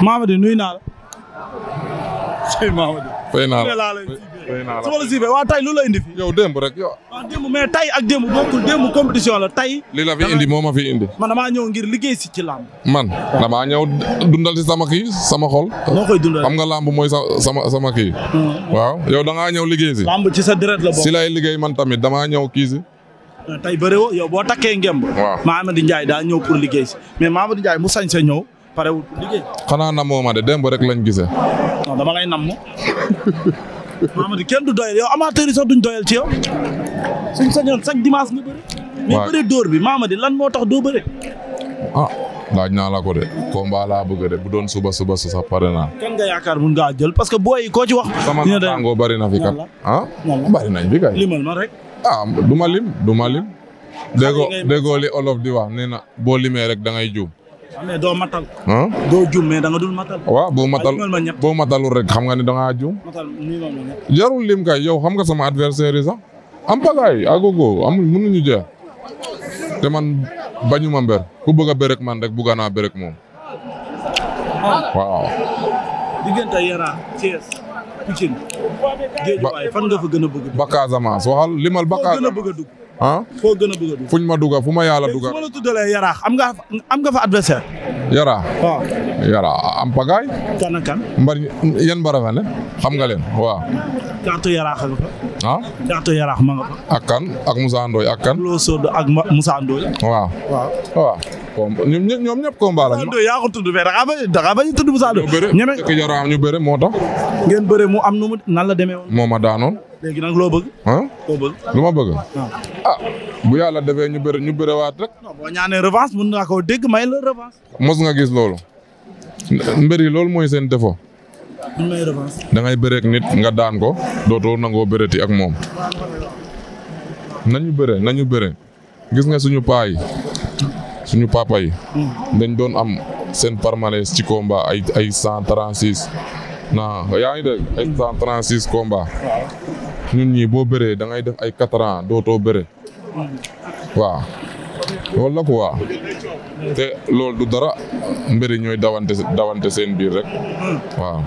Mamady nuyu naa la. sëñ naa la fay naa la su ma la siibee waa tey lu la indi fi. yow demb rek yow. waaw démb mais tey ak démb bokkul démb compétition la tey. li la fi indi moo ma fi indi. man damaa ñëw ngir liggéey si ci làmb. man damaa ñëw dundal si sama kii sama xol. noo xam nga làmb mooy sa sama sama kii. Hmm. waaw yow da ngaa ñëw liggéey si. làmb ci sa deret la bokk liggéey man tamit damaa ñëw kii si. tey bëri woo yow boo takkee ngemb. waaw Mamady Ndiaye daa ñëw pour liggéey si mais Mamady Ndiaye mu sañ sa ñëw parewul pour liggéey. xanaa namoo ma de démb rek lañ gisee. non dama du doyal yow amateur sax duñ doyal ci yow suñ sañoon chaque dimanche nga dóor bi Mamady lan moo tax doo bëri. ah laaj naa la ko de combat laa bëgg de bu doon suba suba su sax pare naa. kan jël parce que booy yi koo ci wax. dina de sama tàngoo bari na fi kat ah bari nañ fi kay. ma rek. ah du lim du lim. déggoo déggoo li olof di wax nee na boo limee rek da ngay juum. doo jum mais da dul matal. waaw boo matal boo matalul rek xam nga ni da ngaa jum. jarul lim kay yow xam nga sama adversaire yi sax. am pagaay agogo amul mënuñu jeex. te man bañu ma ku bëgg a man rek bëgg naa bërek moom. waaw. bëgg a dugg. ah foo gën fuñ ma dugga fu ma yàlla dugga ma la tuddalee yaraax am nga am fa adversaire yaraax waaw yaraax am pagaay kan ak kan mbar yan mbarafane xam nga leen waaw caatu yaraax nga fa ma nga fa ak kan ak Moussa Ndoye ak kan loo soodo ak Moussa Ndoye waaw waaw waaw ñoom ñëpp combat la Ndoye yaa ko tudd mais dangaa bañ dangaa tudd Moussa Ndoye ñeme ak yaraax ñu bëre moo tax ngeen bëre mu am nu mu nan la demee woon moo ma daanoon léegi nag lu ma bëgg. ah bu yàlla defee ñu bëri ñu bëriwaat rek. non boo ñaanee revanche naa koo dégg may la revanche. mos nga gis loolu. mbër yi loolu mooy seen défaut. da ngay nit nga daan ko dootoo nangoo bëreti ak moom. nañu bëre nañu bëre gis nga suñu paa yi suñu papa yi. Hmm. dañ doon am seen palmarès ci komba ay ay cent trente six. non yaa ngi dégg cent trente six combat. ñun ñi boo bëree da ngay def ay quatre ans dootoo bëree waaw loolu la quoi te loolu du dara mbëri ñooy dawante dawante seen biir rek waaw.